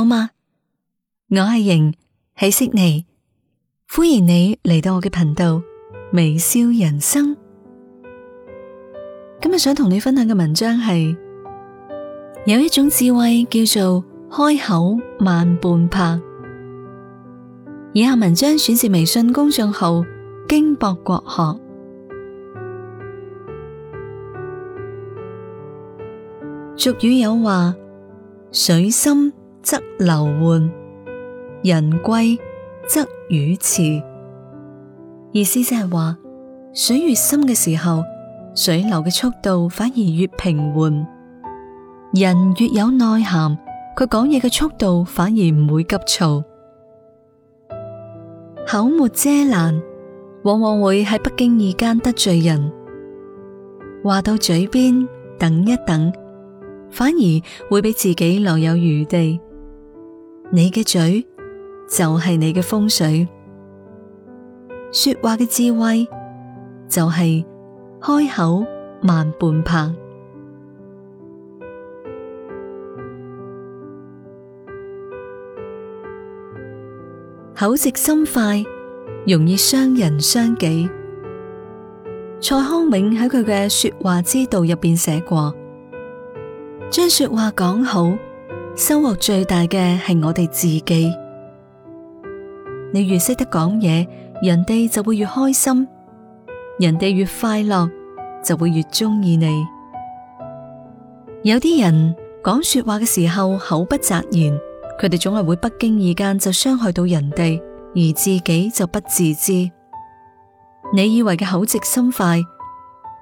好嗎？我係瑩，喺悉尼，歡迎你嚟到我嘅頻道微笑人生。今日想同你分享嘅文章係有一種智慧叫做開口慢半拍。以下文章選自微信公眾號京博國學。俗語有話，水深。則流緩，人貴則語遲。意思即係話，水越深嘅時候，水流嘅速度反而越平緩；人越有內涵，佢講嘢嘅速度反而唔會急躁。口無遮攔，往往會喺不經意間得罪人。話到嘴邊，等一等，反而會俾自己留有餘地。你嘅嘴就係你嘅風水，說話嘅智慧就係開口慢半拍，口直心快，容易傷人傷己。蔡康永喺佢嘅《說話之道》入邊寫過，將說話講好。收穫最大嘅係我哋自己。你越識得講嘢，人哋就會越開心，人哋越快樂，就會越中意你。有啲人講說話嘅時候口不擇言，佢哋總係會不經意間就傷害到人哋，而自己就不自知。你以為嘅口直心快，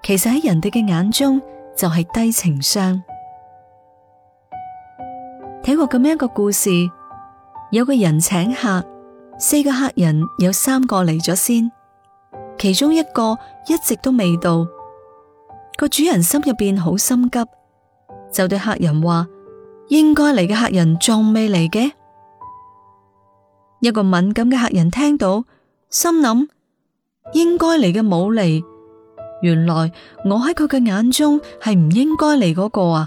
其實喺人哋嘅眼中就係低情商。睇過咁樣一個故事，有個人請客，四個客人有三個嚟咗先，其中一個一直都未到，個主人心入邊好心急，就對客人話：應該嚟嘅客人仲未嚟嘅。一個敏感嘅客人聽到，心諗：應該嚟嘅冇嚟，原來我喺佢嘅眼中係唔應該嚟嗰個啊！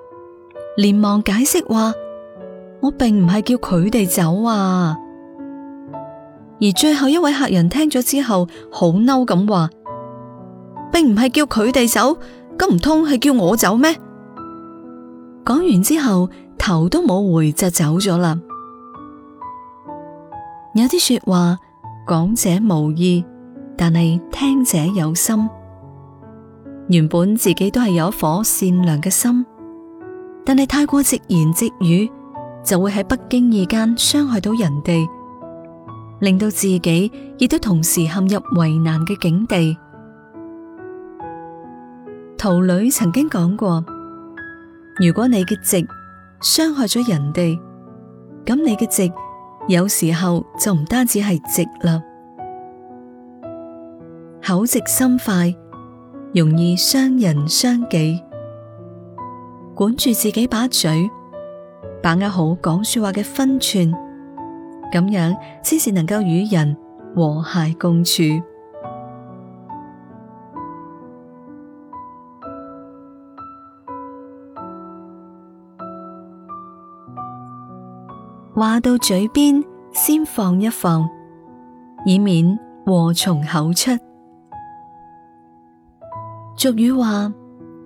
連忙解釋話：我並唔係叫佢哋走啊！而最後一位客人聽咗之後，好嬲咁話：並唔係叫佢哋走，咁唔通係叫我走咩？講完之後，頭都冇回就走咗啦。有啲說話講者無意，但係聽者有心。原本自己都係有一顆善良嘅心。但係太過直言直語，就會喺不經意間傷害到人哋，令到自己亦都同時陷入為難嘅境地。陶磊曾經講過：如果你嘅直傷害咗人哋，咁你嘅直有時候就唔單止係直啦，口直心快，容易傷人傷己。管住自己把嘴，把握好講說話嘅分寸，咁樣先至能夠與人和諧共處。話到嘴邊，先放一放，以免禍從口出。俗語話。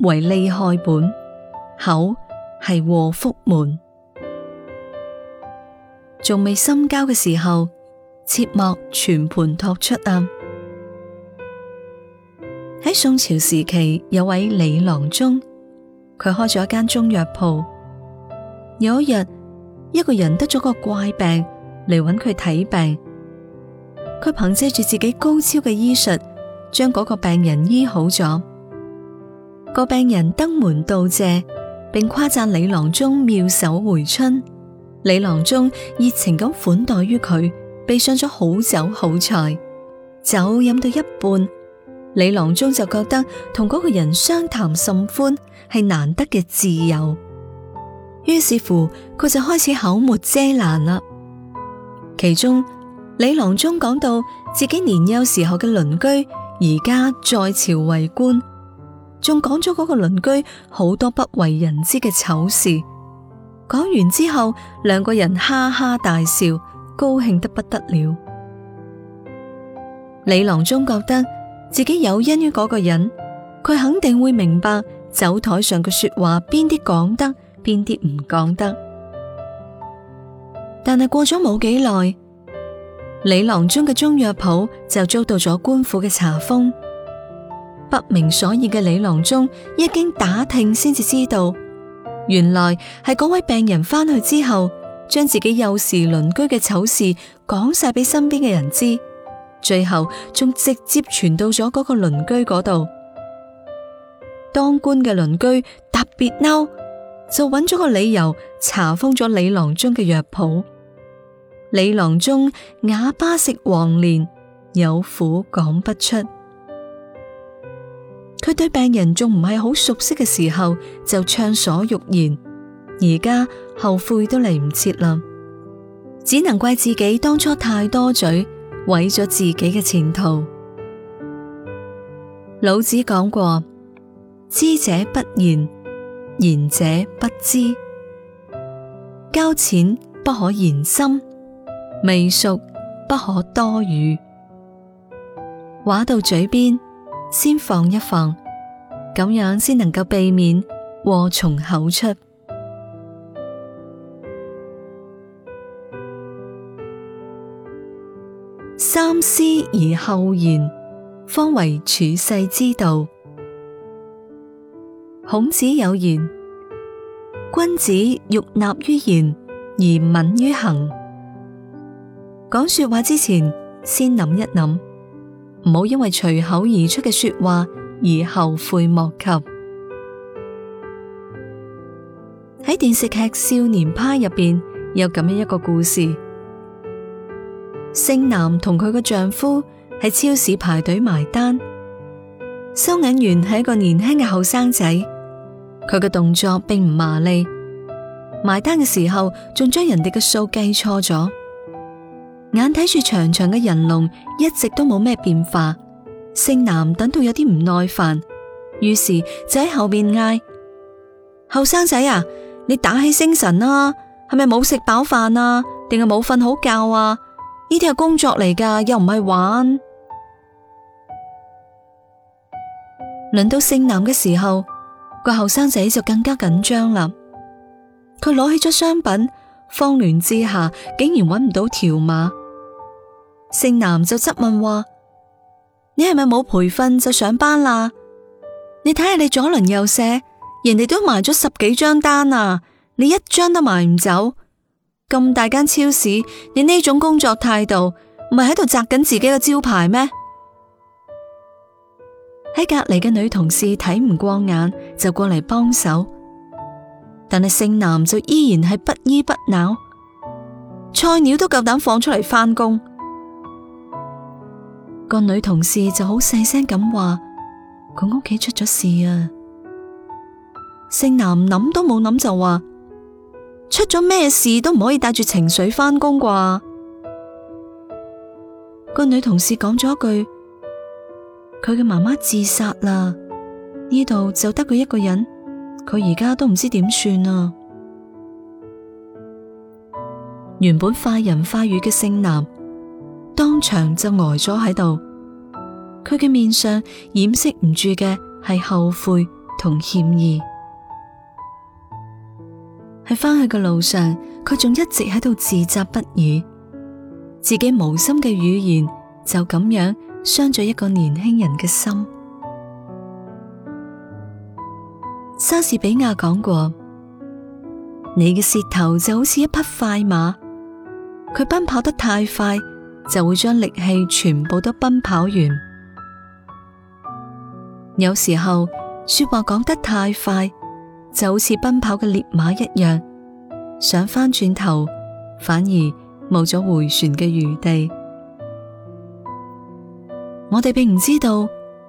為利害本，口係禍福門，仲未深交嘅時候，切莫全盤托出啊！喺宋朝時期，有位李郎中，佢開咗一間中藥鋪。有一日，一個人得咗個怪病嚟揾佢睇病，佢憑借住自己高超嘅醫術，將嗰個病人醫好咗。個病人登門道謝，並誇讚李郎中妙手回春。李郎中熱情咁款待於佢，備上咗好酒好菜。酒飲到一半，李郎中就覺得同嗰個人相談甚歡，係難得嘅自由。於是乎，佢就開始口無遮攔啦。其中，李郎中講到自己年幼時候嘅鄰居，而家在朝為官。仲講咗嗰個鄰居好多不為人知嘅醜事，講完之後，兩個人哈哈大笑，高興得不得了。李郎中覺得自己有恩於嗰個人，佢肯定會明白酒台上嘅說話，邊啲講得，邊啲唔講得。但係過咗冇幾耐，李郎中嘅中藥鋪就遭到咗官府嘅查封。不明所以嘅李郎中一經打聽，先至知道，原來係嗰位病人翻去之後，將自己幼時鄰居嘅醜事講晒俾身邊嘅人知，最後仲直接傳到咗嗰個鄰居嗰度。當官嘅鄰居特別嬲，就揾咗個理由查封咗李郎中嘅藥鋪。李郎中啞巴食黃連，有苦講不出。佢對病人仲唔係好熟悉嘅時候就暢所欲言，而家後悔都嚟唔切啦，只能怪自己當初太多嘴，毀咗自己嘅前途。老子講過：知者不言，言者不知；交淺不可言深，未熟不可多語。話到嘴邊。先放一放，咁樣先能夠避免禍從口出。三思而後言，方為處世之道。孔子有言：“君子欲訥于言而敏于行。”講說話之前，先諗一諗。唔好因為隨口而出嘅說話而後悔莫及。喺電視劇《少年派》入邊有咁樣一個故事，勝男同佢嘅丈夫喺超市排隊埋單，收銀員係一個年輕嘅後生仔，佢嘅動作並唔麻利，埋單嘅時候仲將人哋嘅數計錯咗。眼睇住長長嘅人龍，一直都冇咩變化。姓南等到有啲唔耐煩，於是就喺後邊嗌：後生仔啊，你打起精神啦，係咪冇食飽飯啊，定係冇瞓好覺啊？呢啲係工作嚟噶，又唔係玩。輪到姓南嘅時候，個後生仔就更加緊張啦。佢攞起咗商品，慌亂之下竟然搵唔到條碼。勝男就質問話：你係咪冇培訓就上班啦？你睇下你左輪右寫，人哋都埋咗十幾張單啦、啊，你一張都埋唔走。咁大間超市，你呢種工作態度，唔係喺度砸緊自己嘅招牌咩？喺隔籬嘅女同事睇唔過眼，就過嚟幫手，但係勝男就依然係不依不撓，菜鳥都夠膽放出嚟返工。個女同事就好細聲咁話：佢屋企出咗事啊！姓男諗都冇諗就話：出咗咩事都唔可以帶住情緒返工啩！個女同事講咗一句：佢嘅媽媽自殺啦！呢度就得佢一個人，佢而家都唔知點算啊！原本快人快語嘅姓男。當場就呆咗喺度，佢嘅面上掩飾唔住嘅係後悔同歉意。喺翻去嘅路上，佢仲一直喺度自責不已，自己無心嘅語言就咁樣傷咗一個年輕人嘅心。莎士比亞講過：你嘅舌頭就好似一匹快馬，佢奔跑得太快。就會將力氣全部都奔跑完。有時候說話講得太快，就好似奔跑嘅烈馬一樣，想返轉頭，反而冇咗回旋嘅餘地。我哋並唔知道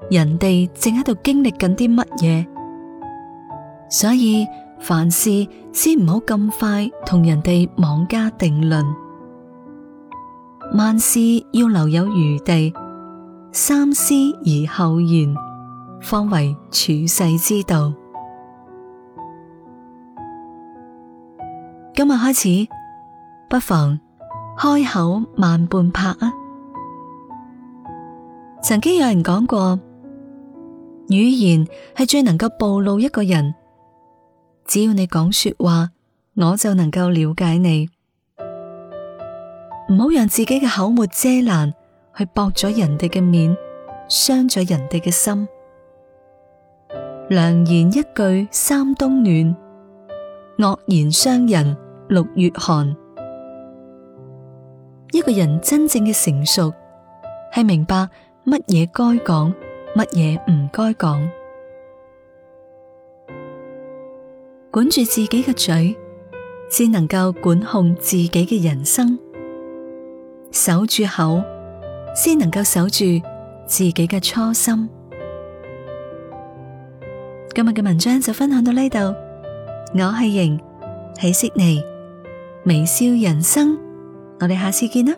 人哋正喺度經歷緊啲乜嘢，所以凡事先唔好咁快同人哋妄加定論。萬事要留有餘地，三思而後言，方為處世之道。今日開始，不妨開口慢半拍啊！曾經有人講過，語言係最能夠暴露一個人。只要你講說話，我就能夠了解你。唔好讓自己嘅口無遮攔，去駁咗人哋嘅面，傷咗人哋嘅心。良言一句三冬暖，惡言傷人六月寒。一個人真正嘅成熟，係明白乜嘢該講，乜嘢唔該講。管住自己嘅嘴，先能夠管控自己嘅人生。守住口，先能夠守住自己嘅初心。今日嘅文章就分享到呢度，我係瑩，喜識你，微笑人生，我哋下次見啦。